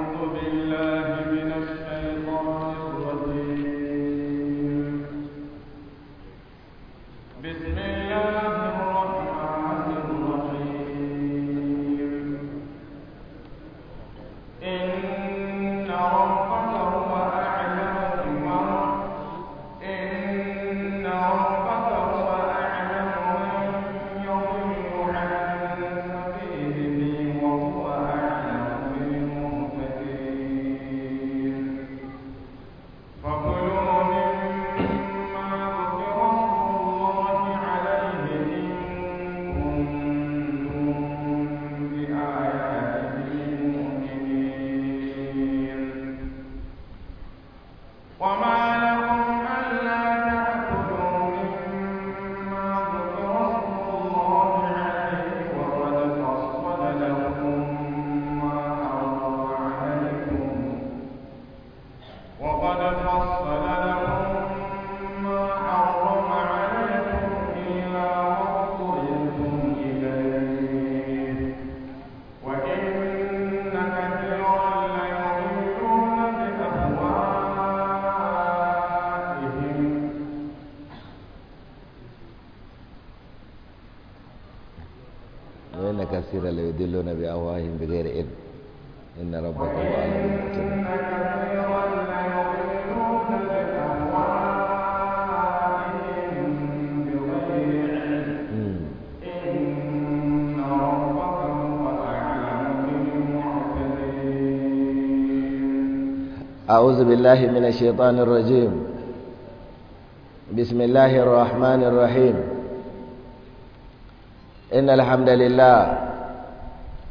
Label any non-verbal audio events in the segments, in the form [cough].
أعوذ بالله كثيرا ليدلون بأواهم بغير علم إن ربك هو أعلم أعوذ بالله من الشيطان الرجيم بسم الله الرحمن الرحيم إن الحمد لله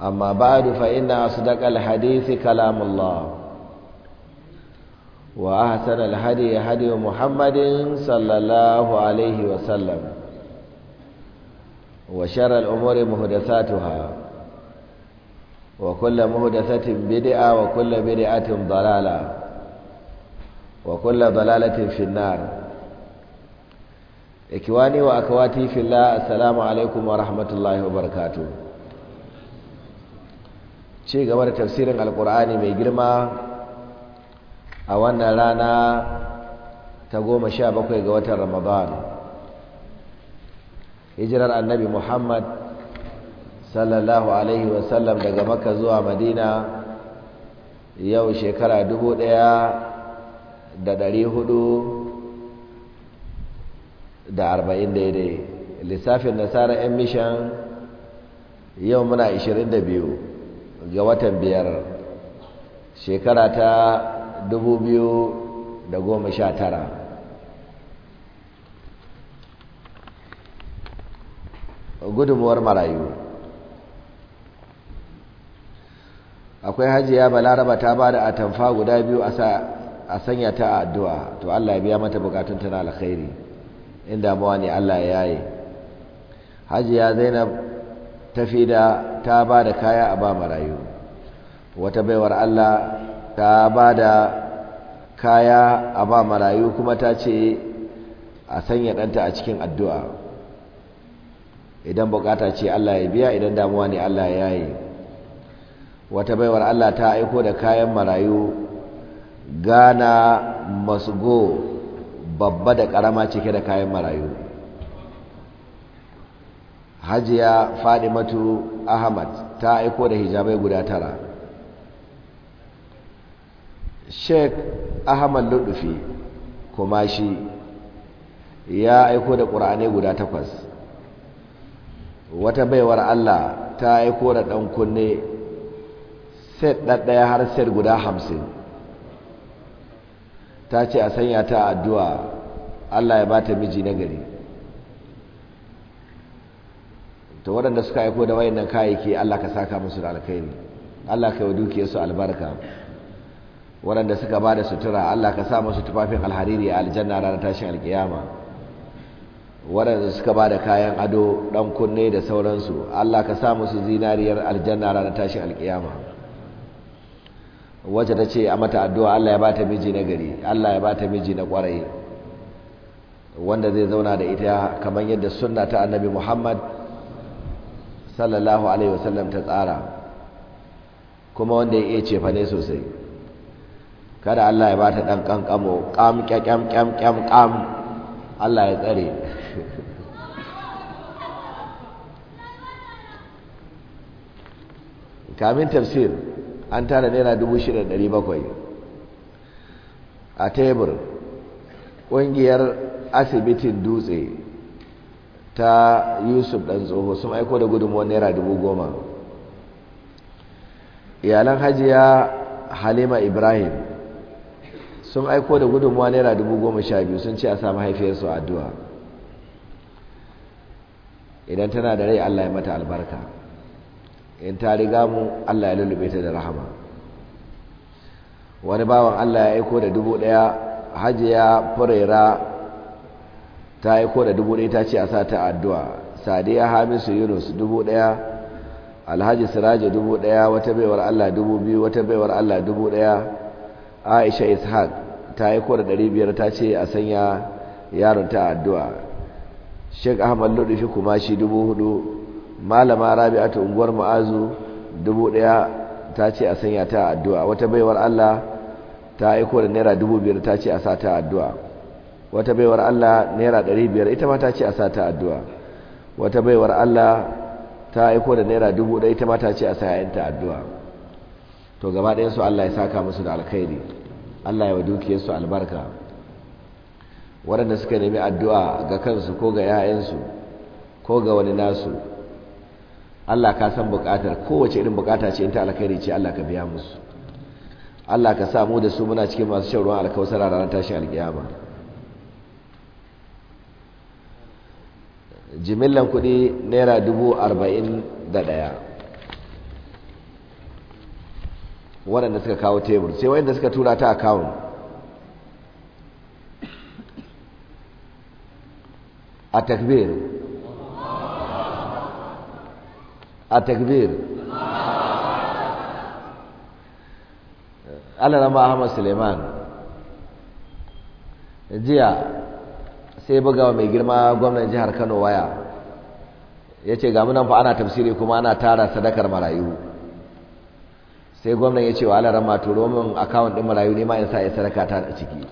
amma ba'du fa inna asdaqal hadisi kalamullah wa ahsana al hadi hadi muhammadin sallallahu alaihi wa sallam wa shara al umuri muhdathatuha wa kullu muhdathatin bid'a wa kullu bid'atin dalala wa kullu dalalatin fin nar ikwani wa akwati fillah assalamu alaikum wa rahmatullahi wa barakatuh ce gaba da tafsirin alkur'ani mai girma a wannan rana ta goma sha bakwai ga watan ramadan hijirar annabi muhammad sallallahu alaihi wasallam daga maka zuwa madina yau shekara dubu daya da dari hudu da arba'in daidai lissafin nasara 'yan mishan yau muna ashirin da biyu ga watan biyar shekara ta da goma 2019 gudunmuwar marayu akwai hajiya balaraba ta ba da atamfa guda biyu a sanya ta a addu'a to allah ya biya mata bukatun tana alkhairi inda mawa ne allah ya yaye hajiya zainab ta da ta ba da kaya a ba marayu wata baiwar Allah ta ba da kaya a ba marayu kuma ta ce a sanya ɗanta a cikin addu'a idan bukata ce Allah ya biya idan damuwa ne Allah ya yi wata baiwar Allah ta aiko da kayan marayu gana masu go babba da ƙarama cike da kayan marayu hajiya fadimatu ahmad ta aiko da hijabai guda tara sheik ahmad ludufi kuma shi ya aiko da ƙura'ane guda takwas wata baiwar allah ta aiko da ɗan kunne set ɗaɗɗaya har set guda hamsin ta ce a sanya ta addu'a allah ya ba ta miji na gari to waɗanda suka aiko da wayannan kayayyaki Allah ka saka musu da alkhairi Allah ka yi dukiya su albarka waɗanda suka ba da sutura Allah ka sa musu tufafin alhariri a aljanna ranar tashin alkiyama waɗanda suka ba da kayan ado ɗan kunne da sauransu Allah ka sa musu zinariyar aljanna ranar tashin alkiyama wacce ta ce a mata addu'a Allah ya ba ta miji na gari Allah ya ba ta miji na ƙwarai wanda zai zauna da ita kamar yadda sunna ta annabi Muhammad sallallahu alaihi wasallam ta tsara kuma wanda ya iya cefa ne sosai kada Allah ya bata dan kankamo kam kyam kyam kyam kam Allah ya tsare [laughs] kamin tafsir an tara naira 6,700 a tebur ƙungiyar asibitin dutse ta yusuf ɗan tsoho sun aiko da gudunmuwan naira dubu goma iyalan hajiya halima ibrahim sun aiko da gudunmuwa naira dubu goma sha biyu sun ce a sa mahaifiyarsu addu'a idan tana da rai allah ya mata albarka in ta riga mu allah ya lullube ta da rahama wani bawan allah ya aiko da dubu ɗaya hajiya furera ta aiko da dubu ɗaya ta ce a sa ta addu'a sadiya hamisu yunus dubu ɗaya alhaji siraji dubu ɗaya wata baiwar allah dubu biyu wata baiwar allah dubu ɗaya aisha ishaq ta aiko da ɗari biyar ta ce a sanya yaron ta addu'a sheik ahmad fi kuma shi dubu hudu malama rabi'atu unguwar ma'azu dubu ɗaya ta ce a sanya ta addu'a wata baiwar allah ta aiko da naira dubu biyar ta ce a sa ta addu'a wata baiwar Allah naira ɗari biyar ita ma ta ce a sata addu'a wata baiwar Allah ta aiko da naira dubu ɗaya ita ma ta ce a ta addu'a to gaba ɗayan su Allah ya saka musu da alkhairi Allah ya wa su albarka waɗanda suka nemi addu'a ga kansu ko ga 'ya'yansu ko ga wani nasu Allah ka san buƙatar kowace irin buƙata ce in ta alkhairi ce Allah ka biya musu Allah ka samu da su muna cikin masu shan ruwan a ranar tashin alƙiyama jimillan kudi naira dubu arba'in da ɗaya waɗanda suka kawo tebur sai waɗanda suka tura ta akawun a takbir a takbir alarama ahmad suleiman jiya sai buga mai girma gwamnan jihar Kano waya ya ce ga munan fa ana tafsiri kuma ana tara sadakar marayu sai gwamnan ya ce wa alaran akawun ɗin marayu ne ma in sa ya sadaka ta a ciki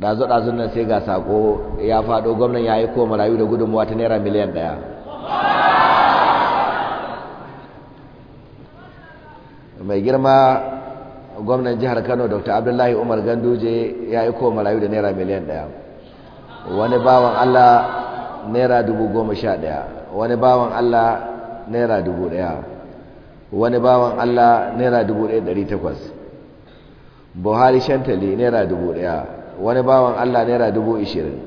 ɗazu-ɗazun nan sai ga saƙo ya faɗo gwamnan ya aiko marayu da gudunmuwa ta naira miliyan ɗaya mai girma gwamnan jihar kano dr abdullahi umar ganduje ya yi koma rayu da naira miliyan ɗaya wani bawan allah naira dubu goma sha ɗaya wani bawan allah naira dubu ɗaya wani bawan allah naira dubu ɗaya ɗari takwas buhari shantali naira dubu ɗaya wani bawan allah naira dubu ishirin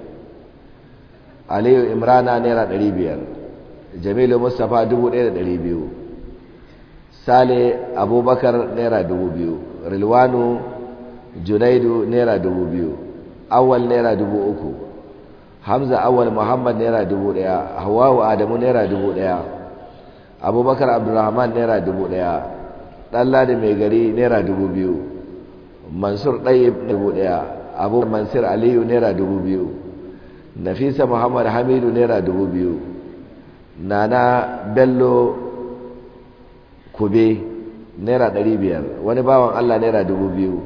aliyu imrana naira ɗari biyar jamilu mustapha dubu ɗaya da ɗari biyu sale abubakar naira dubu biyu rilwanu junaidu naira dubu biyu awal naira dubu uku hamza awal muhammad naira dubu daya hawawu adamu naira dubu daya abubakar abdulrahman naira dubu daya ɗanladi mai gari naira dubu biyu mansur ɗayyib dubu daya abu mansur aliyu naira dubu biyu nafisa muhammad hamidu naira dubu biyu nana bello kube naira ɗari biyar wani bawan allah naira dubu biyu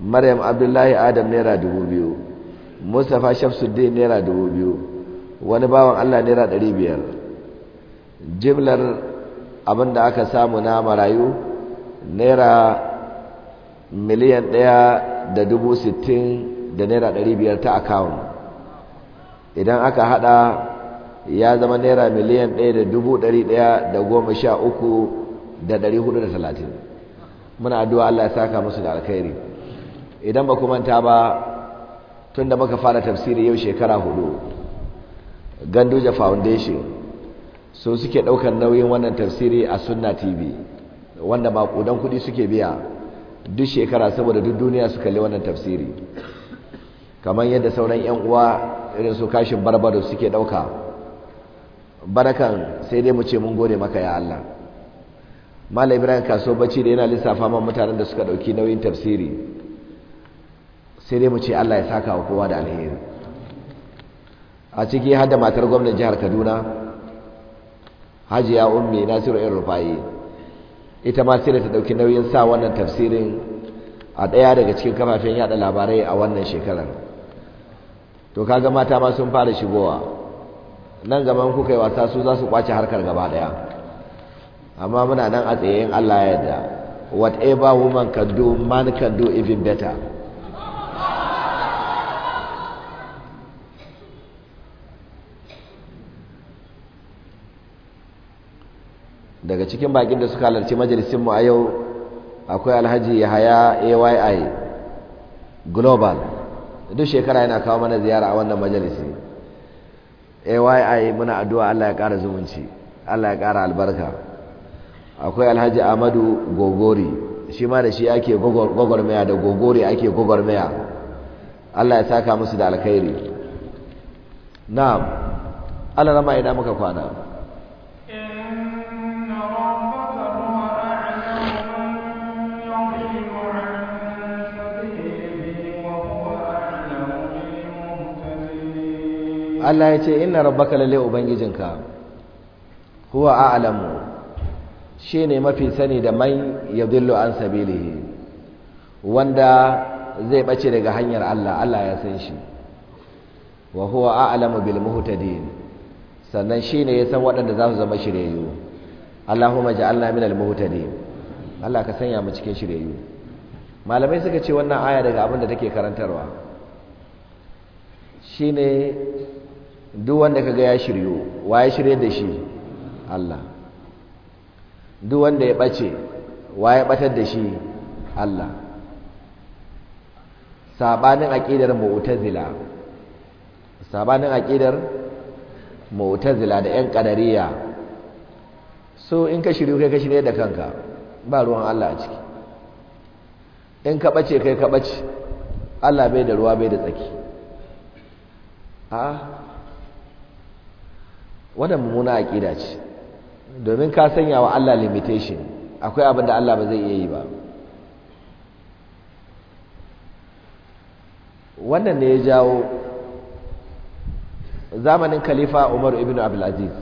maryam abdullahi adam naira dubu biyu mustapha shafsuddin naira dubu biyu wani bawan allah naira ɗari biyar jimlar abin da aka samu na marayu naira miliyan ɗaya da dubu sittin da naira ɗari biyar ta akawun idan aka hada ya zama naira miliyan ɗaya da dubu ɗari ɗaya da goma sha uku da hudu da talatin muna addu'a Allah ya saka musu da alkhairi idan ba manta ba tunda muka fara tafsiri yau shekara hudu Ganduja Foundation so suke daukar nauyin wannan tafsiri a Sunna TV wanda ba kudan kudi suke biya duk shekara saboda duk duniya su kalli wannan tafsiri kamar yadda sauran yan uwa irin su kashin barbaro suke dauka barakan sai dai mu ce mun gode maka ya Allah malam ibrahim kaso bacci da yana lissafa man mutanen da suka dauki nauyin tafsiri sai dai mu ce Allah ya saka wa kowa da alheri a ciki har da matar gwamnan jihar Kaduna Hajiya Ummi Nasiru Ibn Rufai ita ma sai da ta dauki nauyin sa wannan tafsirin a ɗaya daga cikin kafafen yada labarai a wannan shekarar to kaga mata ma sun fara shigowa nan gaban kuka yi wasa su za su kwace harkar gaba ɗaya. amma muna nan a tsaye Allah ya da whatever woman can do man can do even better daga cikin bakin da suka halarci majalisin mu a yau akwai Alhaji Yahaya AYI Global duk shekara yana kawo mana ziyara a wannan majalisi AYI muna addu'a Allah ya ƙara zumunci Allah ya ƙara albarka akwai alhaji amadu gogori shi ma da shi ake gwagwarmaya da gogori ake gwagwarmaya allah ya saka musu da alkhairi na'am allah rama ina muka kwana Allah ya ce inna rabbaka lalle ubangijinka huwa a'lamu shi ne mafi sani da mai ya dillo an sabili wanda zai ɓace daga hanyar Allah Allah ya san shi wa huwa a'lamu bil muhtadin sannan shi ne ya san waɗanda za su zama shiryayyu Allahumma ja'alna min al muhtadin Allah ka sanya mu cikin shiryayyu malamai suka ce wannan aya daga abin da take karantarwa shine duk wanda kaga ya shiryu wa ya shirye da shi Allah duk wanda ya ɓace wa ya ɓatar da shi Allah sabanin aƙidar mu'tazila sabanin aƙidar mu'tazila da 'yan ƙadariya so in ka shiryu kai ka shirye da kanka ba ruwan Allah a ciki in ka ɓace kai ka ɓace Allah bai da ruwa bai da tsaki a wadda mummuna aƙida ce domin ka sanya wa Allah limitation akwai abin da Allah ba zai iya yi ba wannan ne ya jawo zamanin khalifa Umar ibn Aziz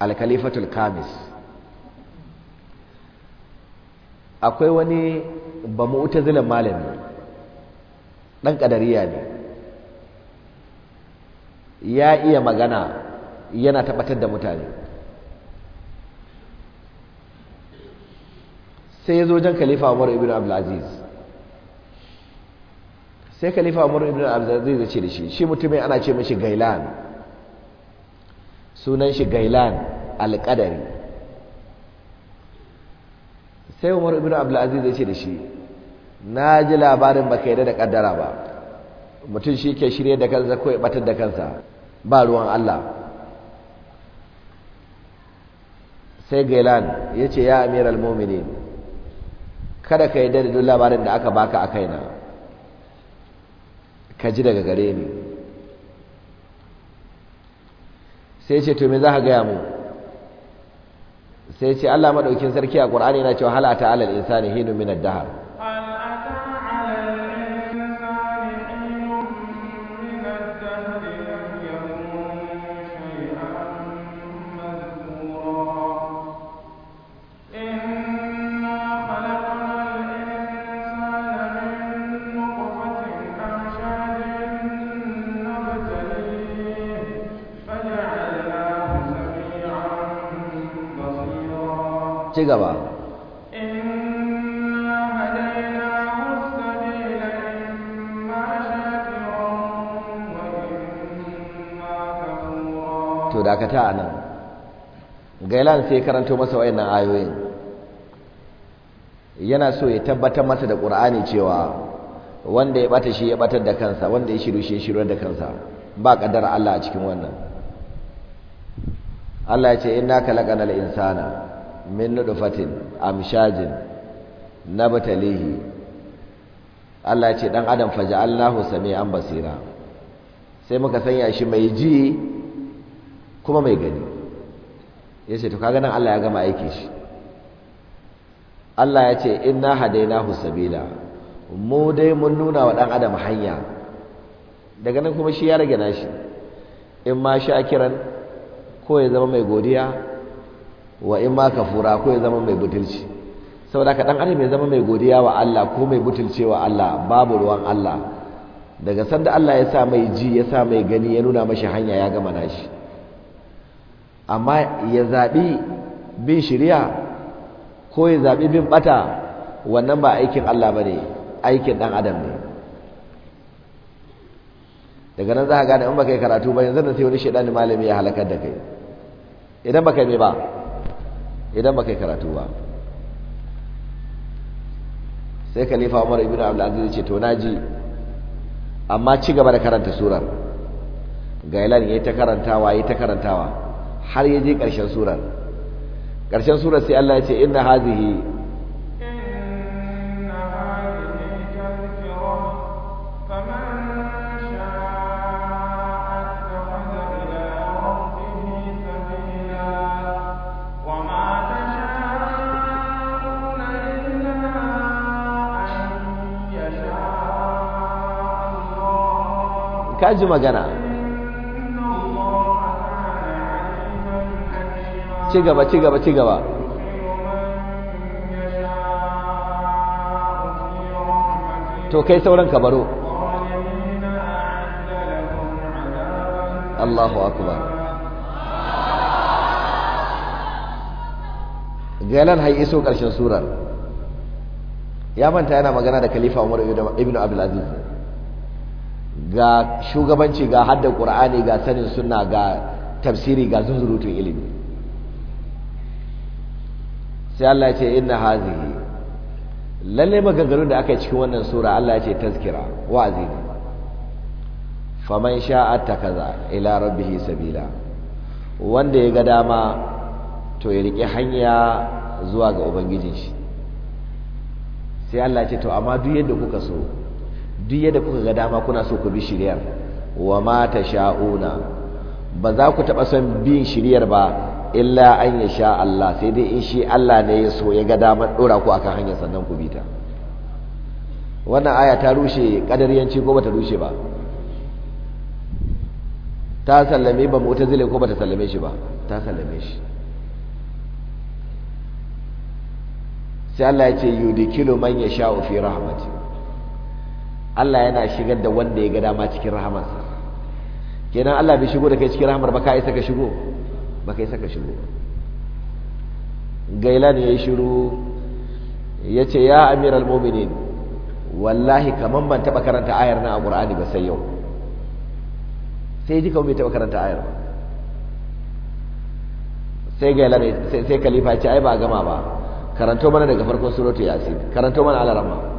al-khalifatul kamis akwai wani ba mu'tazilan malami ɗan ƙadariya ne ya iya magana yana tabbatar da mutane sai ya zo jan khalifa umar ibn abdulaziz sai khalifa umar ibn abdulaziz ya ce da shi shi mutumin ana ce mashi gailan sunan shi gailan alƙadari sai umar ibn abdulaziz ya ce da shi na ji labarin ba ka yi da ƙaddara ba mutum shi ke shirye da kansa ko ya batar da kansa ba ruwan allah sai gailan ya ce ya amir al-mominin kada ka yi dadadun labarin da aka baka a kaina ka ji daga gare ni sai ce to za ka gaya mu sai ce allah maɗaukin sarki a ƙwar'ani na cewa halata alal insani hinu minar dahar ci gaba to dakata a nan gailan sai karanto masa wayannan ayoyin yana so ya tabbatar masa da ƙur'ani cewa wanda ya ɓata shi ya ɓatar da kansa wanda ya shiru shi ya shiru da kansa ba ƙadar Allah a cikin wannan Allah ya ce kalaƙa na insana min nudfatin amshajin nabatalihi Allah ce dan adam faja'alnahu sami'an basira sai muka sanya shi mai ji kuma mai gani yace to kaga nan Allah ya gama aiki shi Allah ya ce inna hadainahu sabila mu dai mun nuna wa dan adam hanya daga nan kuma shi ya rage nashi in ma shakiran ko ya zama mai godiya wa in ma ka fura ko ya zama mai butulci saboda ka dan adam ya zama mai godiya wa Allah ko mai wa Allah babu ruwan Allah daga sanda Allah ya sa mai ji ya sa mai gani ya nuna mashi hanya ya gama nashi amma ya zabi bin shiriya ko ya zabi bin bata wannan ba aikin Allah bane aikin dan adam ne daga nan za ka gane in ba yi karatu ba yanzu da sai wani shedani malami ya halakar da kai idan kai yi ba idan ba kai karatu ba sai khalifa umar ibn abdulaziz ce to na ji amma ci gaba da karanta surar gailan ya yi ta karantawa ya ta karantawa har ya je ƙarshen surar ƙarshen surar sai Allah ya ce inna hazihi ka magana ci gaba ci gaba ci gaba to kai sauran ka baro Allahu akbar galan hai iso karshen surar ya manta yana magana da khalifa Umar ibn Abdul Aziz ga shugabanci ga hadda ƙura'ani ga sanin suna ga tafsiri ga zunzurutun ilimi sai Allah ce ina hazihi lalle maganganun da aka yi cikin wannan sura Allah ce tazkira wa'azi ne faman sha'a kaza ila rabbihi sabila wanda ya ga dama to ya rike hanya zuwa ga ubangijin shi sai Allah ce to amma duk yadda kuka so duk yadda kuka ga dama kuna so ku bi shiriyar wa ma ta sha'una ba za ku taɓa son bin shiriyar ba illa an ya sha Allah sai dai in shi Allah ne ya so ya ga damar ɗora ku akan hanyar sannan ku bi ta. wannan aya ta rushe ƙadariyanci ko bata rushe ba ta sallame ba mu zile ko bata sallame shi ba ta sallame shi sai Allah ya ce yudikilu man yasha'u fi rahmati Allah yana shigar da wanda ya ga dama cikin rahamarsa kenan Allah bai shigo da kai cikin rahamar ba ka isa ka shigo ba ka isa ka shigo gailan ya yi shiru ya ce ya amiral Mominin wallahi kaman ban taɓa karanta ayar na a ƙur'ani ba sai yau sai ji kawai bai taɓa karanta ayar ba sai gailan sai khalifa ce ai ba a gama ba karanto mana daga farkon suratu yasin karanto mana alarama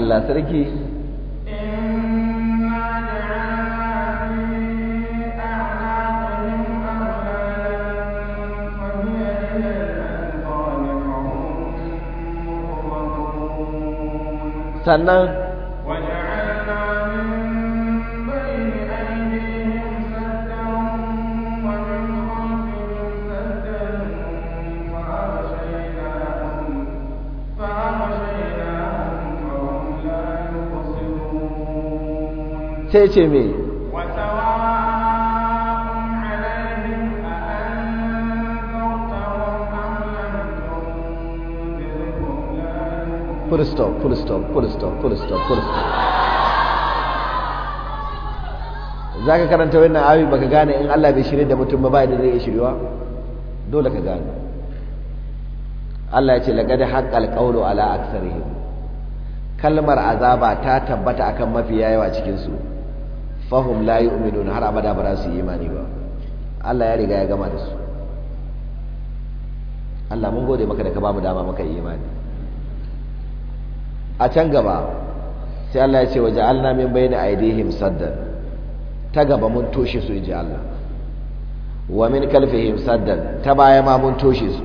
Allah sarki sannan sai ce me full stop full stop full stop full stop stop karanta wannan ayoyi baka gane in Allah bai shirye da mutum ba ba da zai wa dole ka gane Allah ya ce laqad haƙƙa qawlu ala aktsarihim kalmar azaba ta tabbata akan mafi yawa cikin su fahum la yu'minun har abada ba za su yi imani ba Allah ya riga ya gama da su Allah mun gode maka da ka bamu dama maka imani a can gaba sai Allah ya ce waje Allah min bayna aidihim saddan ta gaba mun toshe su inji Allah wa min kalfihim saddan ta baya ma mun toshe su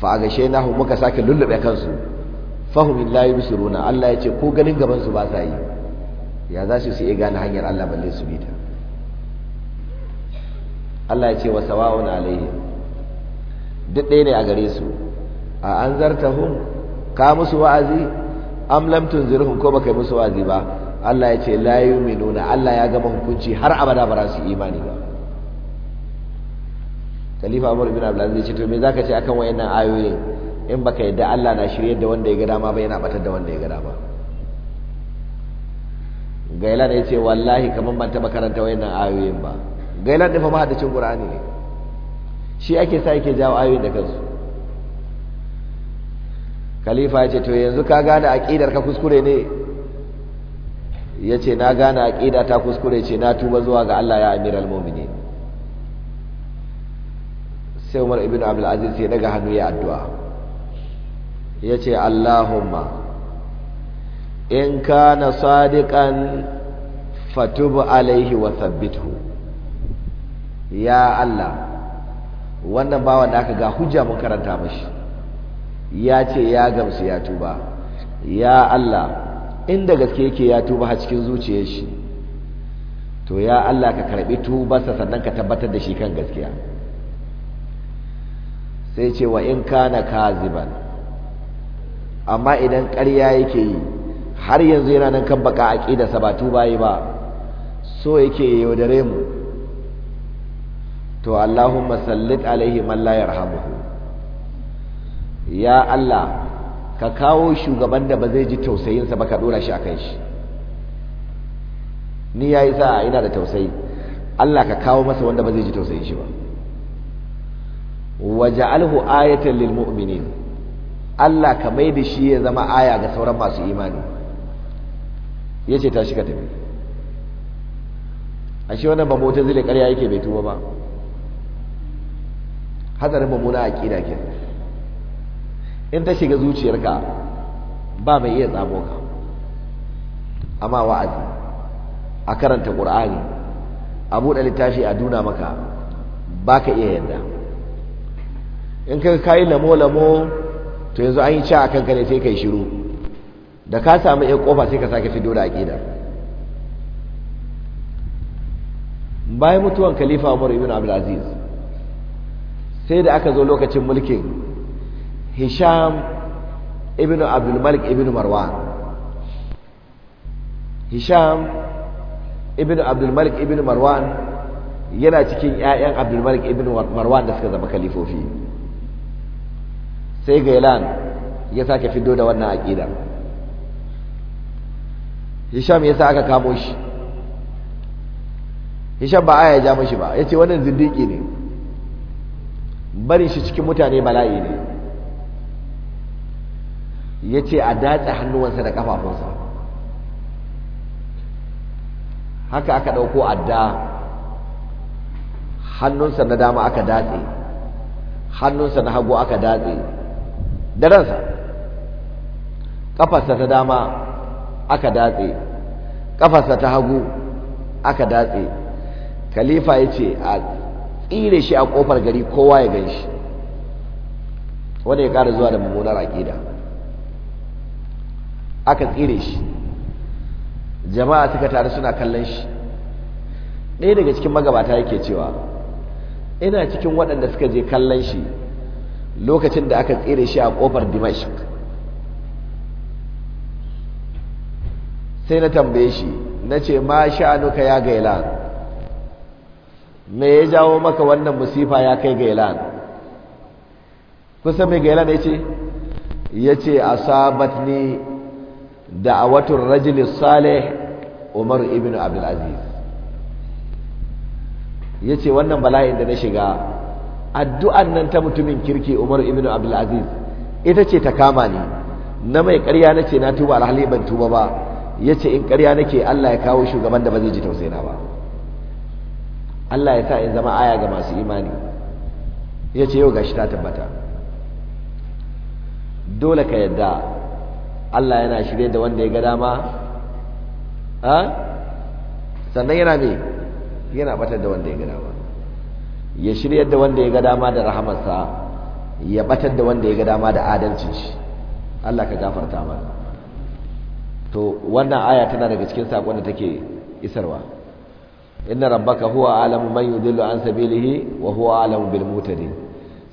fa agashainahu muka sake lullube kansu fahum la yubsiruna Allah ya ce ko ganin gaban su ba sa yi ya za su iya gane hanyar Allah balle su bi ta Allah ya ce wa sawa'un alaihi duk ɗaya ne a gare su a an zartahum ka musu wa'azi am lam tunzirhum ko baka musu wa'azi ba Allah ya ce la yu'minuna Allah ya gama hukunci har abada ba za su imani ba Khalifa Umar bin Abdul Aziz ce to me zaka ce akan wayannan ayoyin in baka yadda Allah na shirye da wanda ya ga dama ba yana batar da wanda ya ga dama gailan ya ce wallahi kamar ban taba karanta wayannan ayoyin ba gailan ɗin fa mahaddacin qur'ani ne shi ake sa yake jawo ayoyin da kansu khalifa ya ce to yanzu ka gane aqidar ka kuskure ne ya ce na gane aqida ta kuskure ce na tuba zuwa ga Allah ya amir al-mumini sai umar ibn abdul aziz ya daga hannu ya addu'a ya ce Allahumma in kana sadiqan fatub alaihi wa thabbithu ya Allah wannan bawan da aka ga hujja mun karanta mashi ya ce ya gamsu ya tuba ya Allah inda gaske yake ya tuba a cikin zuciyar shi to ya Allah ka karbi tubarsa sannan ka tabbatar da shi kan gaskiya sai ce wa in kana kaziban amma idan ƙarya yake yi har yanzu yana nan kan baka aqida sabatu bayi ba so yake yaudare mu to Allahumma sallit alaihi man la yarhamuhu ya Allah ka kawo shugaban da ba zai ji tausayinsa ba ka dora shi akan shi ni yayi sa ina da tausayi Allah ka kawo masa wanda ba zai ji tausayin shi ba waja'alhu ayatan lil mu'minin Allah ka mai da shi ya zama aya ga sauran masu imani ya ce tashi ka tafi a shi wannan bamotin zile karya yake bai tuba ba hatsarin mummuna aƙida ke in ta shiga zuciyarka ba mai iya tsamo ka amma wa'azi a karanta ƙur'ani a buɗe littafi a duna maka ba ka iya yadda in ka kayi lamo-lamo to yanzu an yi ca a kanka ne sai ka yi shiru da ka samu ya kofa sai ka sake fito da ƙida. bayan mutuwan khalifa Umar ibn Abdul Aziz sai da aka zo lokacin mulkin Hisham ibn Abdul Malik ibn Marwan Hisham ibn Abdul Malik ibn Marwan yana cikin 'ya'yan Abdul Malik ibn Marwan da suka zama khalifofi sai Gailan ya sake fi da wannan ƙida. hisham yasa aka kamo shi hisham ba aya ya ja mashi ba yace wannan zindiki ne barin shi cikin mutane bala'i ne yace a datsa hannuwansa da kafafunsa haka aka dauko adda hannunsa na dama aka datse hannunsa na hagu aka datse da ransa kafarsa ta dama aka datse kafarsa ta hagu aka datse khalifa ya ce a tsire shi a kofar gari kowa ya gan shi wanda ya kara zuwa da mummunar aƙida aka tsire shi jama'a suka taru suna kallon shi ɗaya daga cikin magabata yake cewa ina cikin waɗanda suka je kallon shi lokacin da aka tsire shi a kofar dimashik sai na tambaye shi na ce ma sha'anuka ya gailan me ya jawo maka wannan musifa ya kai gailan kusa mai gailan ya ce ya ce da ni watan rajilis salih umar ibn abdulaziz ya ce wannan bala'in da na shiga addu'an nan ta mutumin kirki umar ibn abdulaziz ita ce ta kama ni na mai karya na ce na tuba alhali ban tuba ba ya ce in ƙarya nake Allah ya kawo shugaban da ba zai ji tausayina ba Allah ya sa in zama aya ga masu imani ya ce yau gashi ta tabbata dole ka yadda Allah yana shirye da wanda ya ga dama ha sannan yana me yana batar da wanda ya ga dama ya shirye da wanda ya ga dama da rahamarsa ya batar da wanda ya ga dama da adalcin shi Allah ka gafarta mana to wannan aya tana daga cikin sakon da take isarwa inna rabbaka huwa alamu man yudillu an sabilihi wa huwa alamu bil mutadin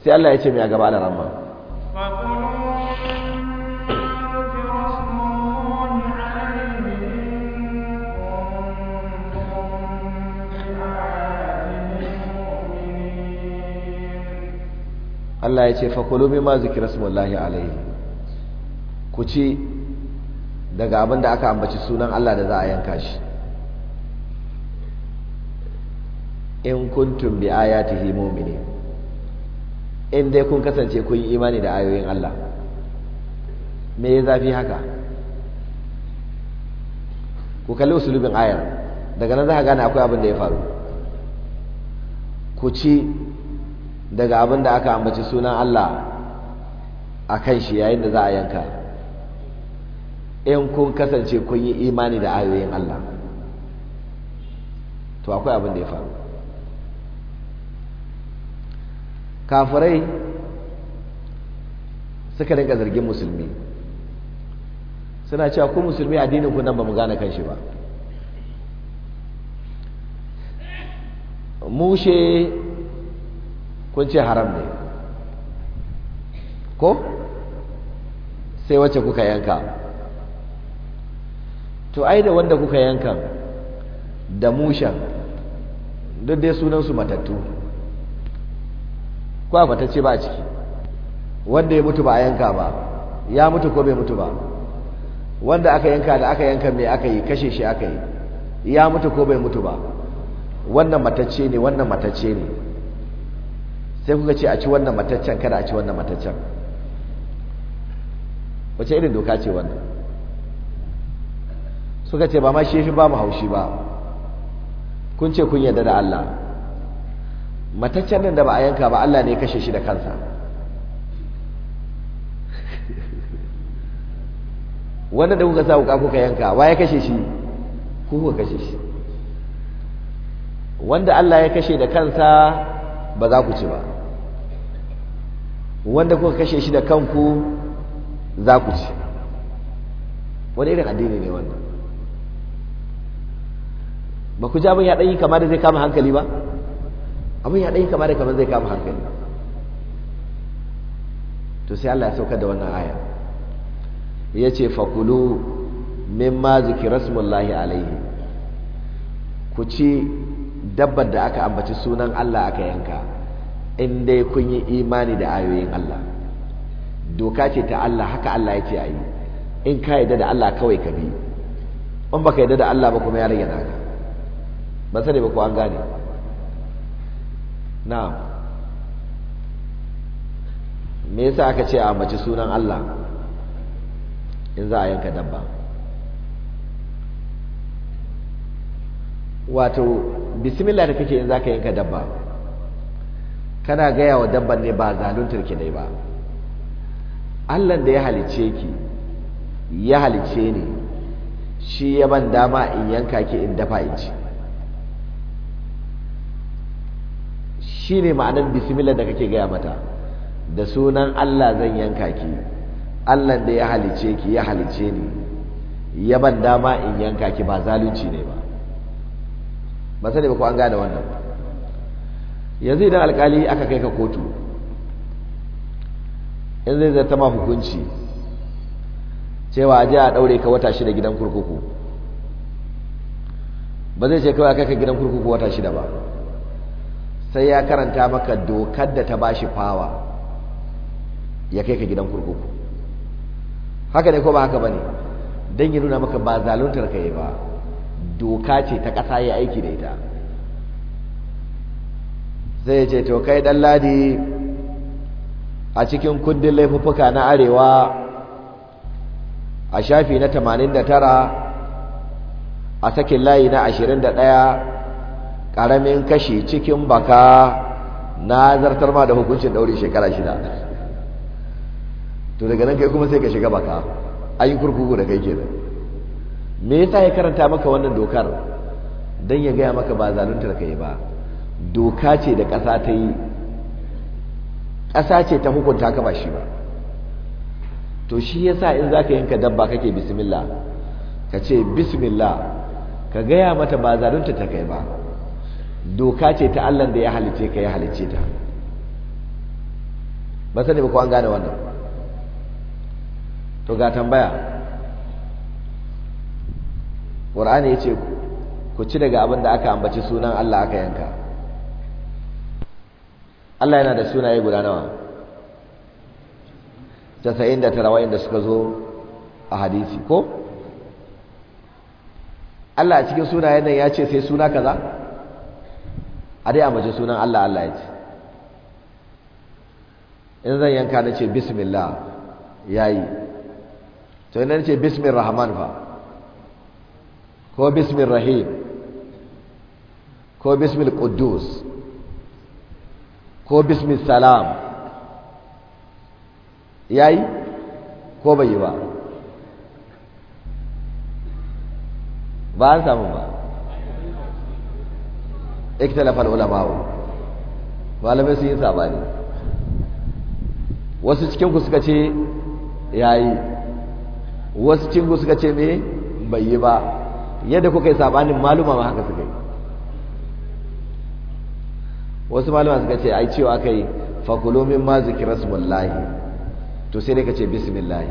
sai Allah ya ce mai gaba da ramma Allah ya ce fa fakulu bima zikra smullahi alaihi ku ci daga abin da aka ambaci sunan Allah da za a yanka shi in kuntum bi ayatihi mu'mini in dai kun kasance kun yi imani da ayoyin Allah me ya zafi haka ku kalli usulubin ayar daga nan za ka gane akwai abin da ya faru ku ci daga abin da aka ambaci sunan Allah a kan shi yayin da za a yanka in kun kasance kun yi imani da ayoyin Allah to akwai abin da ya faru kafirai suka rinka zargin musulmi suna cewa ku musulmi addinin ku nan ba mu gane kanshi ba mushe kun ce haram ne ko sai wacce kuka yanka to ai da wanda kuka yanka da mushan duk dai sunansu matattu ko a matacce ba a ciki wanda ya mutu ba a yanka ba ya mutu ko bai mutu ba wanda aka yanka da aka yanka mai aka yi kashe shi aka yi ya mutu ko bai mutu ba wannan matacce ne wannan matacce ne sai kuka ce a ci wannan mataccen kada a ci wannan mataccen wace irin doka ce wannan suka ce ba ma shi fi ba mu haushi ba kun ce kun yadda da Allah mataccen nan da ba a yanka ba Allah ne ya kashe shi da kansa [laughs] wanda da kuka sa wuka kuka yanka wa ya kashe shi ku kuka kashe shi wanda Allah ya kashe da kansa ba za ku ci ba wanda kuka kashe shi da kanku za ku ci wani irin addini ne wannan ba ku ji abin ya ɗanyi kama da zai kama hankali ba abin ya ɗanyi kama da kamar zai kama hankali to sai Allah ya sauka da wannan aya ya ce fakulu mimma zikira lahi alaihi ku ci dabbar da aka ambaci sunan Allah aka yanka in dai kun yi imani da ayoyin Allah doka ce ta Allah haka Allah ya ce a yi in ka yi da Allah kawai ka bi in baka yi da Allah ba kuma ya rage naka ba sani ba ko an gane na'am me yasa aka ce a mace sunan Allah in za a yanka dabba wato bismillah da kake in za ka yanka dabba kana gaya wa dabban ne ba zaluntar ki dai ba Allah da ya halice ki ya halice ne shi ya ban dama in yanka ki in dafa in ci shi ne ma'anar bismillah da kake gaya mata da sunan Allah zan yanka ki Allah da ya halice ki ya halice ni ya ban dama in yanka ki ba zalunci ne ba ba sani ba ko an gane wannan yanzu idan alkali aka kai ka kotu in zai zata ma hukunci cewa aje a daure ka wata shida gidan kurkuku ba zai ce kawai aka kai gidan kurkuku wata shida ba sai ya karanta maka dokar da ta ba shi fawa ya kai ka gidan kurkuku haka ne ko ba haka bane dan ya nuna maka ba zaluntar ka yi ba doka ce ta kasa ya aiki da ita zai ce to kai dan ladi a cikin kundin laifuffuka na arewa a shafi na 89 a sakin layi na 21 ƙaramin kashi cikin baka na zartar ma da hukuncin daure shekara shida to daga nan kai kuma sai ka shiga baka an yi kurkuku da kai kenan me yasa ya karanta maka wannan dokar don ya gaya maka ba zalunta kai ba doka ce da ƙasa ta yi ƙasa ce ta hukunta ka ba shi ba to shi yasa in zaka yanka dabba kake bismillah ka ce bismillah ka gaya mata ba zalunta ta kai ba doka ce ta Allah da ya halice ka ya halice ta ba sani ba ko an gane wannan to ga tambaya Qur'ani yace ku ci daga abin da aka ambaci sunan Allah aka yanka Allah yana da sunaye guda nawa da 99 wa'inda suka zo a hadisi ko Allah a cikin sunayen nan ya ce sai suna kaza a dai mace sunan Allah Allah ya ce in zan yanka na ce bismillah ya yi to ina ce bismin rahman fa ko bismin rahim ko bismin kudus ko bismin salam ya yi ko bai yi ba ba an samu ba ikhtalafa al-ulama'u malamai sun yi sabani wasu cikin ku suka ce yayi wasu cikin ku suka ce me bai yi ba yadda kuka yi sabanin maluma ma haka suka yi wasu maluma suka ce ai cewa kai fakulu min ma zikra smullahi to sai dai ka ce bismillah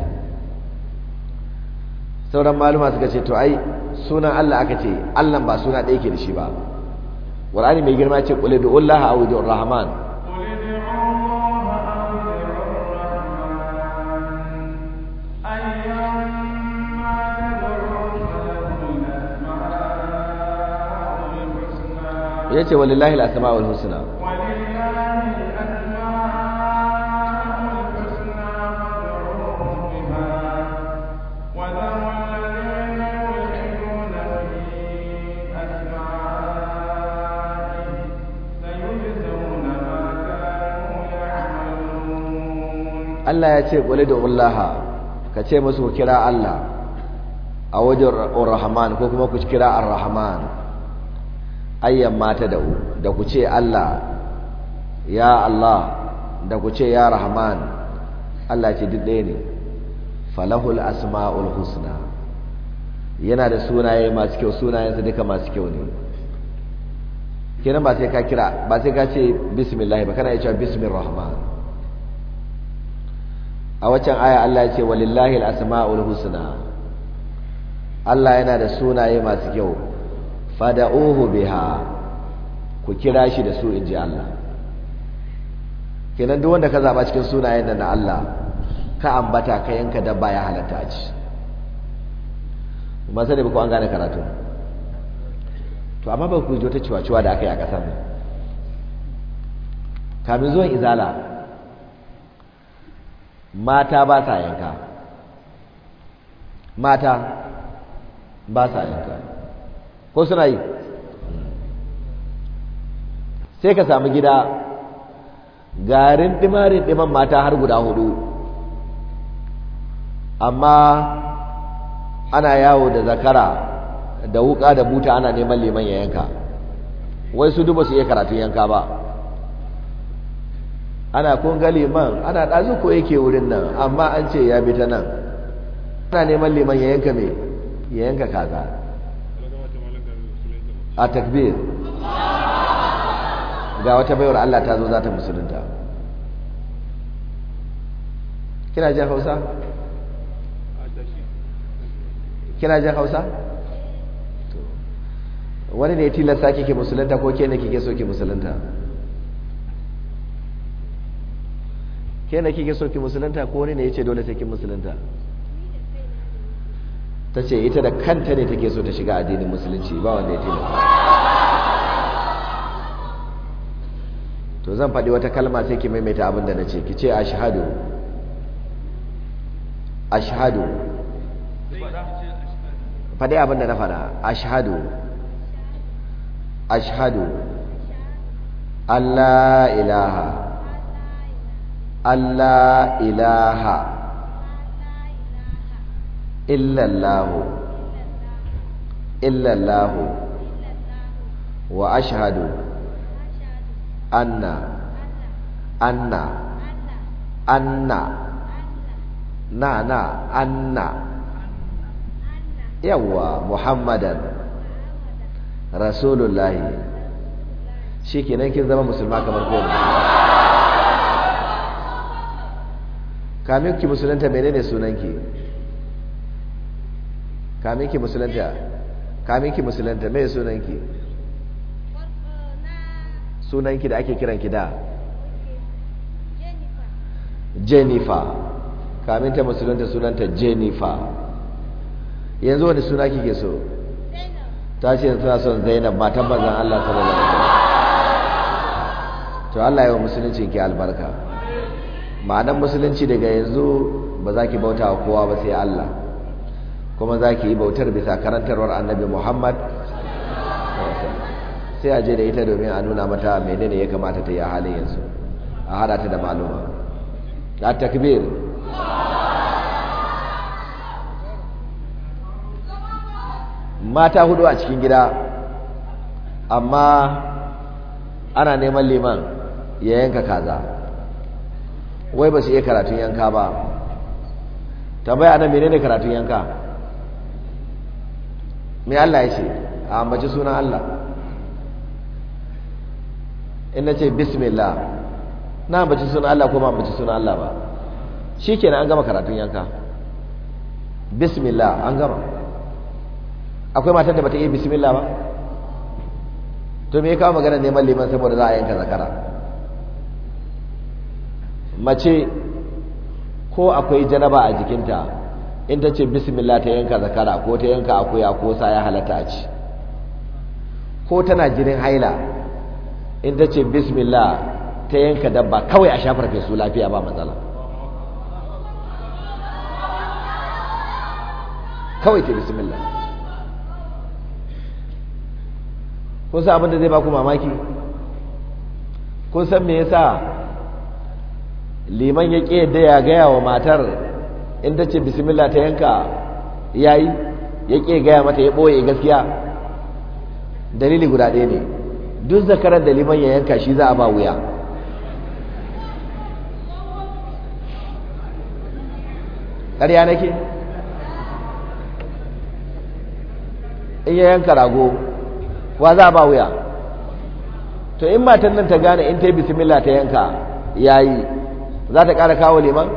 sauran maluma suka ce to ai sunan Allah aka ce Allah ba suna ɗaya ke da shi ba qur'ani mai girma ce qul da Allah a da Rahman yace walillahi al-asma'ul husna Allah ya ce da Allah ka ce musu ku kira Allah a wajen Ar-Rahman ko kuma ku kira Ar-Rahman ayyan mata da da ku ce Allah ya Allah da ku ce ya Rahman Allah ce duk ɗaya ne falahul asma'ul husna yana da sunaye masu kyau sunayensa duka masu kyau ne kenan ba sai ka kira ba sai ka ce bismillah ba kana iya cewa bismir rahman a waccan aya Allah ya ce walillahi al-asma'ul husna Allah yana da sunaye masu kyau fada'uhu biha ku kira shi da su in ji Allah kenan duk wanda ka zaba cikin sunayen nan na Allah ka ambata ka yanka dabba ya halatta a ci masu da bukwa an gane karatu to amma ba ku zo wata ciwa-ciwa da aka yi a ƙasar nan kamin zuwan izala mata ba sa yanka mata ba sa yanka ko suna yi sai ka samu gida garin dimarin diman mata har guda hudu amma ana yawo da zakara da wuka da buta ana neman liman ya yanka wai su duba su iya karatun yanka ba ana kun liman ana ɗazu ko yake wurin nan amma an ce ya bi ta nan ana neman liman ya yanka mai ya yanka kaza a takbir ga wata baiwar Allah ta zo za ta musulunta kina jin hausa? kina ji hausa? wani ne tilasta kike musulunta ko ke ne kike so ke musulunta? ke na kike so ki musulunta ko wani ne ya ce dole ta kin musulunta ta ce ita da kanta ne take so ta shiga addinin musulunci ba wanda ya tilasta to zan faɗi wata kalma sai ki maimaita abin da na ce ki ce ashhadu ashhadu faɗi abin da na faɗa ashhadu ashhadu Allah ilaha Allah ilaha illallahu illallahu wa ashhadu anna anna anna na na anna yawa muhammadan rasulullahi shikenan kin zama musulma kamar kowa kamin ki musulunta menene sunanki kamin ki musulunta kamin ki musulunta me sunanki sunanki da ake kiran ki da Jennifer kamin ta musulunta sunanta Jennifer yanzu wani suna kike so ta ce suna son Zainab matan bazan Allah sallallahu alaihi wasallam to Allah ya wa musulunci ki albarka ma'anar musulunci daga yanzu ba za ki bauta wa kowa ba sai Allah kuma za ki yi bautar bisa karantarwar annabi Muhammad sai a je da ita domin a nuna mata menene ya kamata ta yi a halin yanzu a hada ta da maluma da takbir mata hudu a cikin gida amma ana neman liman ya yanka kaza wai ba su iya karatun yanka ba tambaya nan menene karatun yanka me Allah ya ce a ambaci sunan Allah ina ce bismillah na ambaci sunan Allah ko ba ambaci sunan Allah ba shi kenan an gama karatun yanka bismillah an gama akwai matar da ba ta iya bismillah ba to me ya kawo magana neman liman saboda za a yanka zakara mace ko akwai janaba a jikinta in ta ce bismillah ta yanka zakara ko ta yanka akuya ko sa ya halatta a ci ko tana jinin haila in ta ce bismillah ta yanka dabba kawai a shafar fesu lafiya ba matsala kawai ta bismillah kun san abin da zai ba ku mamaki kun san me yasa liman ya ke yadda ya gaya wa matar in ta ce bismillah ta yanka ya yi ya ke gaya mata ya ɓoye gaskiya dalili guda ɗaya ne duk zakarar da liman ya yanka shi za a ba wuya ƙarya nake in ya yanka rago wa za a ba wuya to in matan nan ta gane in ta yi bismillah ta yanka ya yi za ta ƙara kawo liman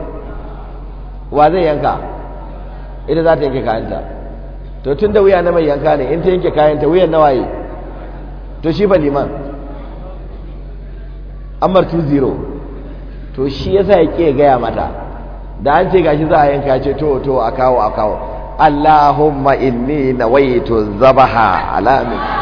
wa zai yanka ita za ta yanke kayanta to tun da wuya na mai yanka ne in ta yanke kayanta wuyan nawa yi to shi ba liman ammar 2-0 to shi ya sa ya ƙi gaya mata da an ce gashi za a yanka ce to to a kawo a kawo allahumma inni nawaitu zabaha alamin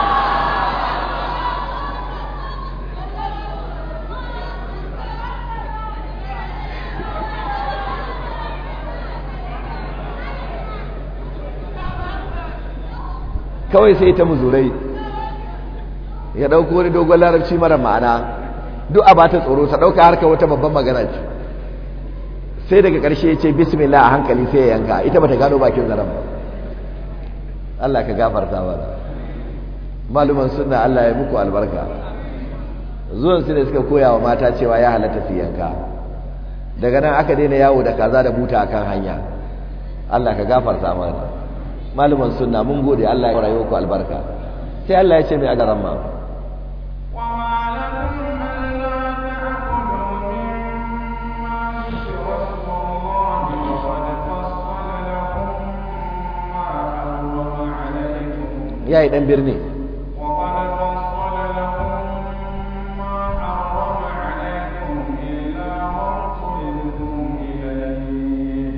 kawai sai ta muzurai ya ɗauko wani dogon larabci mara ma'ana duk a bata tsoro ta ɗauka harka wata babban magana ce sai daga ƙarshe ce bismillah a hankali sai ya yanka ita bata gano bakin zaren ba Allah ka gafarta ba maluman suna Allah ya muku albarka zuwan su ne suka koya wa mata cewa ya halatta su yanka daga nan aka daina yawo da kaza da buta akan hanya Allah ka gafarta mana malaman sunna mun gode Allah ya rayuwa ku albarka sai Allah ya ce mai agaran ma ya yi dan birni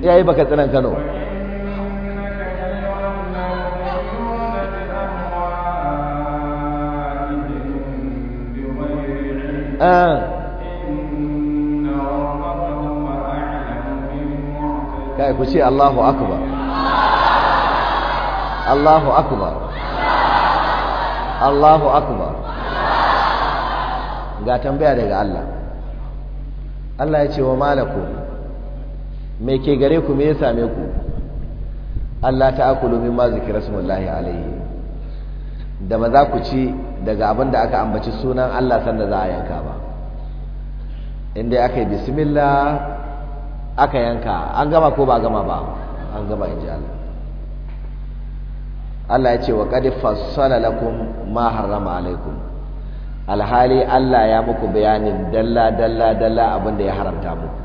ya yi baka tsanan kano kai ku ce Allahu akbar Allahu akbar Allahu akbar ga tambaya daga Allah Allah ya ce wa malakum me ke gare ku me ya same ku Allah ma mimma zikra smullahi alaihi da ba za ku ci daga abin da aka ambaci sunan Allah sanda za a yanka ba inda aka yi bismillah aka yanka an gama ko ba gama ba an gama in ji Allah Allah ya ce wa qad fassala lakum ma harrama alaikum alhali Allah ya muku bayanin dalla dalla dalla abinda ya haramta muku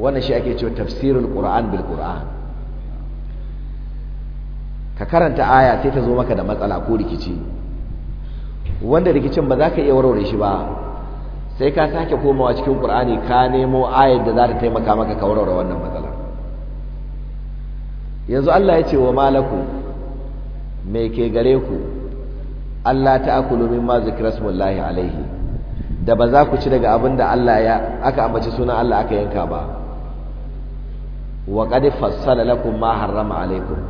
wannan shi ake cewa tafsirul qur'an bil qur'an ka karanta aya sai ta zo maka da matsala ko rikici wanda rikicin ba za ka iya warware shi ba sai ka sake komawa cikin qur'ani ka nemo ayar da za ta taimaka maka kawarwar wannan matsalar. yanzu Allah ya ce wa malaku me ke gare ku Allah zai mimma zikrasmullahi alaihi da ba za ku ci daga abin da Allah ya aka ambaci sunan Allah aka yanka ba wa qad fassala lakum ma harrama alaikum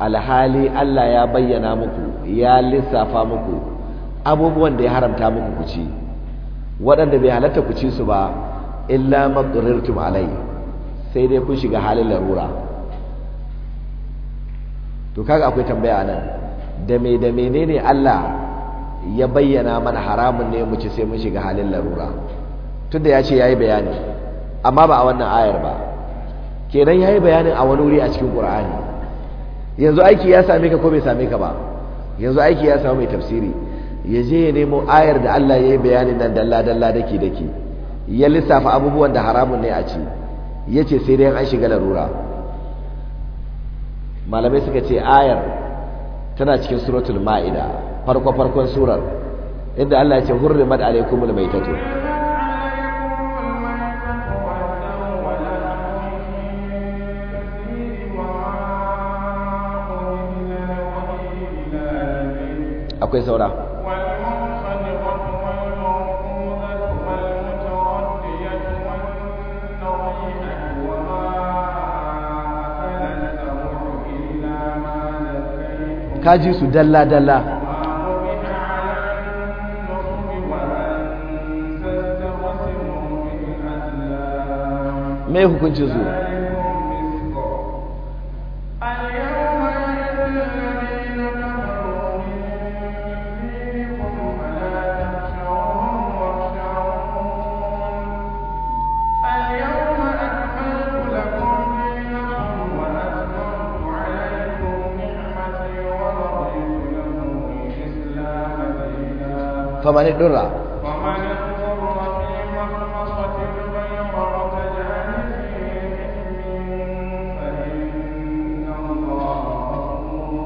alhali Allah ya bayyana muku ya lissafa muku abubuwan da ya haramta muku ku ci waɗanda bai halatta ku ci su ba illa maqrirtum alai sai dai kun shiga halin larura to kaga akwai tambaya nan da me da menene Allah ya bayyana mana haramun ne mu ci sai mun shiga halin larura tunda ya ce yayi bayani amma ba a wannan ayar ba kenan yayi bayanin a wani wuri a cikin Qur'ani yanzu aiki ya same ka ko bai same ka ba yanzu aiki ya samu mai tafsiri ya je ya nemo ayar da Allah ya yi bayanin nan dalla-dalla dake dake ya lissafa abubuwan da haramun ne a ci ya ce sai dai an shiga larura malamai suka ce ayar tana cikin suratul ma'ida farko-farkon surar inda Allah ya ce hurri hurrimat alaikumul tato akwai saura kaji su dalla dalla mai hukuncin su فمن اضطر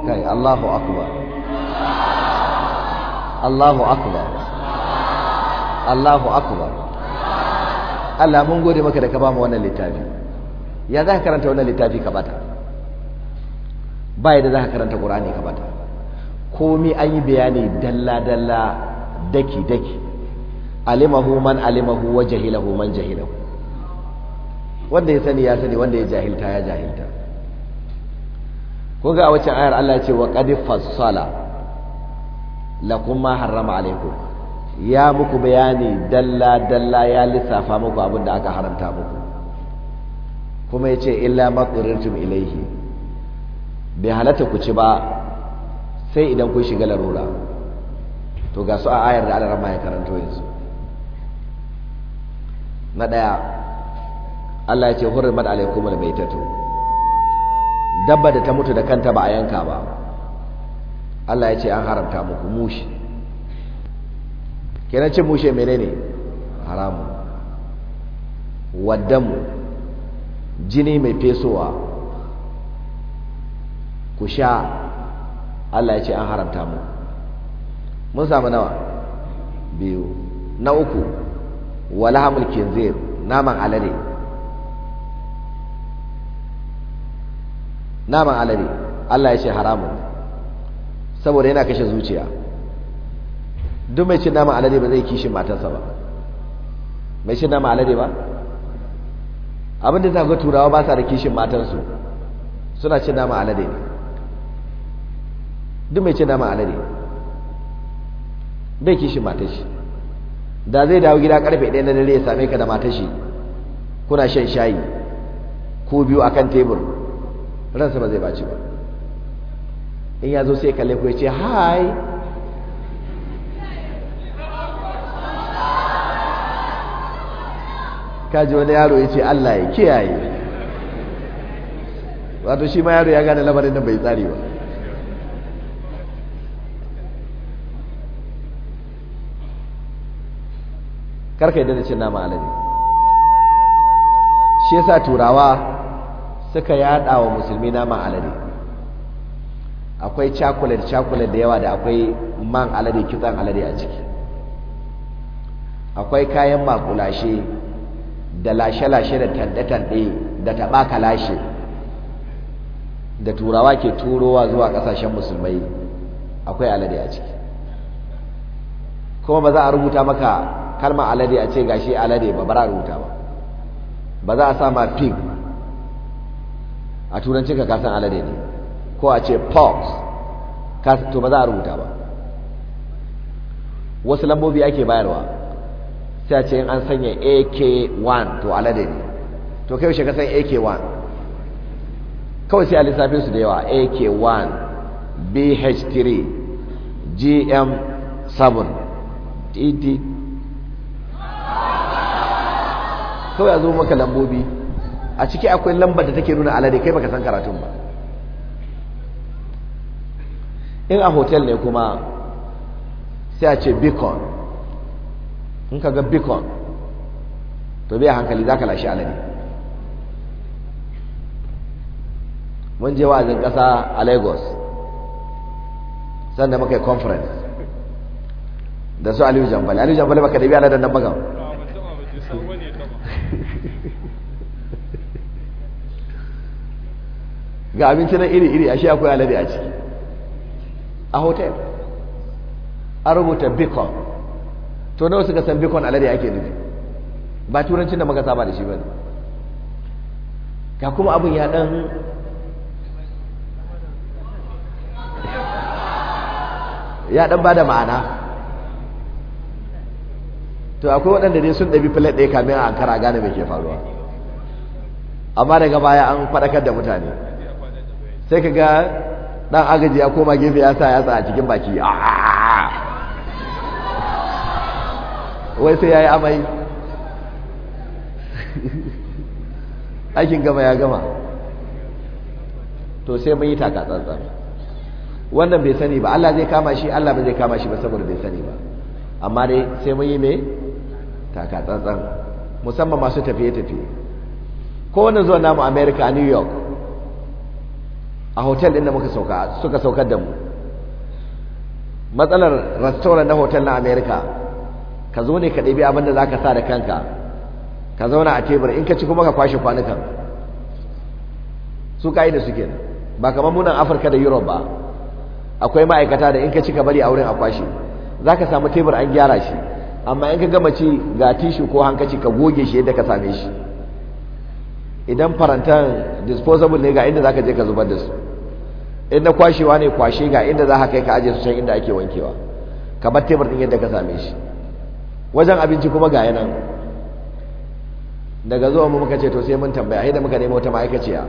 kai Allahu akbar Allahu akbar Allahu akbar Allah mun gode maka da ka bamu wannan littafi ya za ka karanta wannan littafi ka bata ba yadda za ka karanta Qur'ani ka bata komai an yi bayani dalla dalla daki daki alimahu man alimahu wa jahilahu man jahilahu wanda ya sani ya sani wanda ya jahilta ya jahilta kuga a waccan ayar Allah ya ce wa qad fassala lakum ma harrama alaikum ya muku bayani dalla dalla ya lissafa muku abin da aka haramta muku kuma ya ce illa ma qurirtum ilayhi bai halatta ku ci ba sai idan kun shiga larura to ga su a ayar da Allah ya karanto yanzu na daya Allah ya ce hurrimat alaikum almaytatu dabba da ta mutu da kanta ba a yanka ba Allah ya ce an haramta muku mushi kenan cin mushe menene haramu waddamu jini mai fesowa ku sha Allah ya ce an haramta muku mun samu nawa biyu na uku walhamul kinzir naman alade naman alade Allah ya ce haramun saboda yana kashe zuciya duk mai cin naman alade ba zai kishin matarsa ba mai cin naman alade ba abinda za ga turawa ba sa da kishin matarsu suna cin naman alade ne duk mai cin naman alade ne bai kishin matar shi da zai dawo gida karfe ɗaya na dare ya same ka da matar shi kuna shan shayi ko biyu akan tebur ransa ba zai baci ba in ya zo sai kalle ko ya ce hi kaji wani yaro ya ce Allah ya kiyaye wato shi ma yaro ya gane labarin da bai tsari ba karka yi da cin naman alade shi yasa turawa suka yada wa musulmi naman alade akwai cakulat-cakulat da yawa da akwai man alade kitsan alade a ciki akwai kayan makulashe da lashe-lashe da tanɗe-tanɗe da taɓaka lashe da turawa ke turowa zuwa ƙasashen musulmai akwai alade a ciki kuma ba za a rubuta maka kalma alade a ce gashi alade ba bara rubuta ba ba za a sa ma pig a turancin ka kasan alade ne ko a ce pox to ba za a rubuta ba wasu lambobi ake bayarwa sai a ce an sanya ak1 to alade ne to kai yaushe ka san ak1 kawai sai a lissafin su da yawa ak1 bh3 gm7 kawai a zo maka lambobi a ciki akwai lambar da take nuna alade kai baka san karatun ba in a hotel ne kuma sai a ce beacon in ka ga beacon to bai hankali za ka lashe alade mun je wa'azin kasa a lagos sannan muka yi conference da su aliyu jambali aliyu jambali baka da biya aladen nan bagan ga abinci nan iri-iri shi akwai alade a ciki a hotel a rubuta bacon to nawa suka san bacon alade ake nufi ba turancin da muka saba da shi ba ne ga kuma abin ya dan ya dan bada ma'ana to akwai waɗanda ne sun ɗabi filet ɗaya kamin a ankara gane mai ke faruwa amma daga baya an faɗakar da mutane sai ka ga ɗan agaji ya koma gefe ya sa sa a cikin baki wai sai ya yi amai [laughs] aikin gama ya gama to sai mun yi taka tsantsan wannan bai sani ba Allah zai kama shi Allah ba zai kama shi ba saboda bai sani ba amma dai sai mun yi mai. taka tsantsan musamman masu tafiye-tafiye kowane zuwa namu america a new york a hotel ɗin da muka sauka suka saukar da mu matsalar restaurant na hotel na america ka zo ne ka ɗabi abinda za ka sa da kanka ka zauna a tebur in ka ci kuma ka kwashe kwanukan su ka'ida su kenan ba kamar munan afirka da europe ba akwai ma'aikata da in ka ci ka bari a wurin a kwashe za ka samu tebur an gyara shi amma in ka gama ci ga tishu ko hankaci ka goge shi yadda ka same shi idan farantan disposable ne ga inda za ka je ka zubar da su inda kwashewa ne kwashe ga inda za ka kai ka aje su can inda ake wankewa kamar tebur ɗin yadda ka same shi wajen abinci kuma ga yanan daga zuwa mu muka ce to sai mun tambaya yadda muka nemo wata ma'aikaciya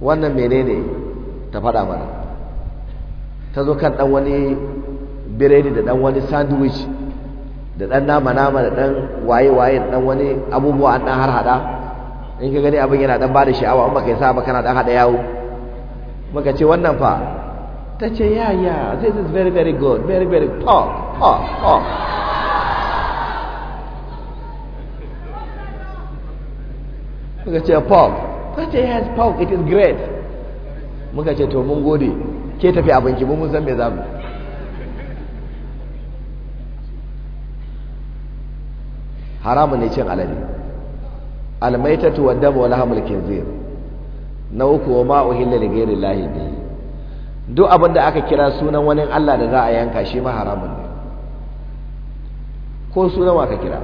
wannan menene ta faɗa mana ta zo kan ɗan wani biredi da ɗan wani sandwich da ɗan nama nama da ɗan waye waye da ɗan wani abubuwa an ɗan har hada in ka gani abin yana ɗan da sha'awa in baka yi sa ba kana ɗan hada yawo muka ce wannan fa ta ce ya ya this is very very good very very talk talk talk muka ce pop ta ce yes pop it is great muka ce to mun gode ke tafi abinci mun mun san me za mu haramun ne cin alade almaitatu wa damu wala hamul kinzir na uku wa ma'uhilla li ghairi llahi bi duk abin da aka kira sunan wani Allah da za a yanka shi ma haramun ne ko sunan wa ka kira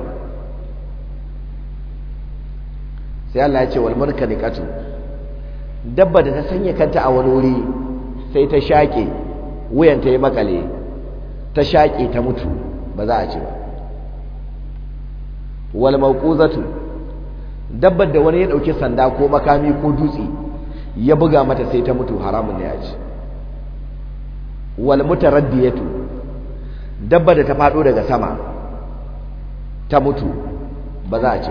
sai Allah ya ce wal dabba da ta sanya kanta a wani wuri sai ta shaƙe wuyanta ya makale ta shake ta mutu ba za a ce ba wal mawquzatu dabbar da wani ya dauke sanda ko makami ko dutse ya buga mata sai ta mutu haramun ne a ci wal mutaraddiyatu dabbar da ta fado daga sama ta mutu ba za a ci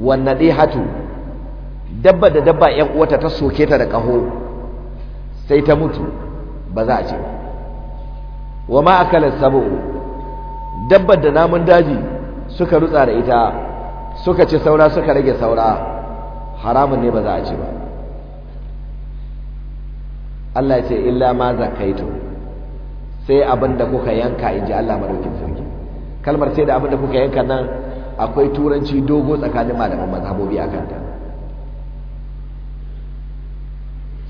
wal nadihatu dabbar da dabba ƴan uwata ta soke ta da kaho sai ta mutu ba za a ci wa ma akala sabu dabbar da namun daji suka rutsa da ita suka ci saura suka rage saura haramun ne ba za a ci ba Allah ce illa ma zakaitu sai abin da kuka yanka in ji Allah madaukin sarki kalmar sai da abin da kuka yanka nan akwai turanci dogo tsakanin malaman mazhabobi a kanta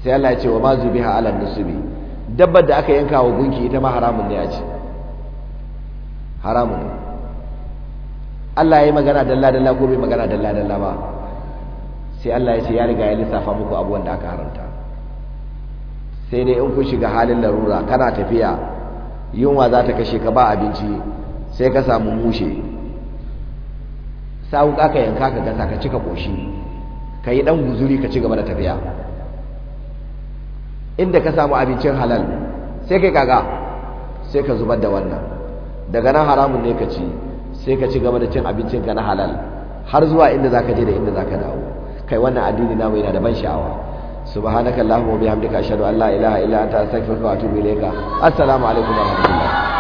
sai Allah ya ce wa ma biha ala nusubi dabbar da aka yanka wa gunki ita ma haramun ne a ci haramun ne Allah ya yi magana dalla dalla ko bai magana dalla dalla ba sai Allah ya ce ya riga ya lissafa muku abubuwan da aka haramta sai dai in ku shiga halin larura kana tafiya yunwa za ta kashe ka ba abinci sai ka samu mushe sa wuka ka yanka ka gasa ka cika koshi ka yi dan guzuri ka ci gaba da tafiya inda ka samu abincin halal sai kai kaga sai ka zubar da wannan daga nan haramun ne ka ci sai ka ci gaba da cin abincin ka na halal har zuwa inda zaka je da inda zaka dawo kai wannan addini namu yana da ban sha'awa subhanakallahumma wa bihamdika ashhadu an la ilaha illa anta astaghfiruka wa atubu ilayka assalamu alaikum wa rahmatullah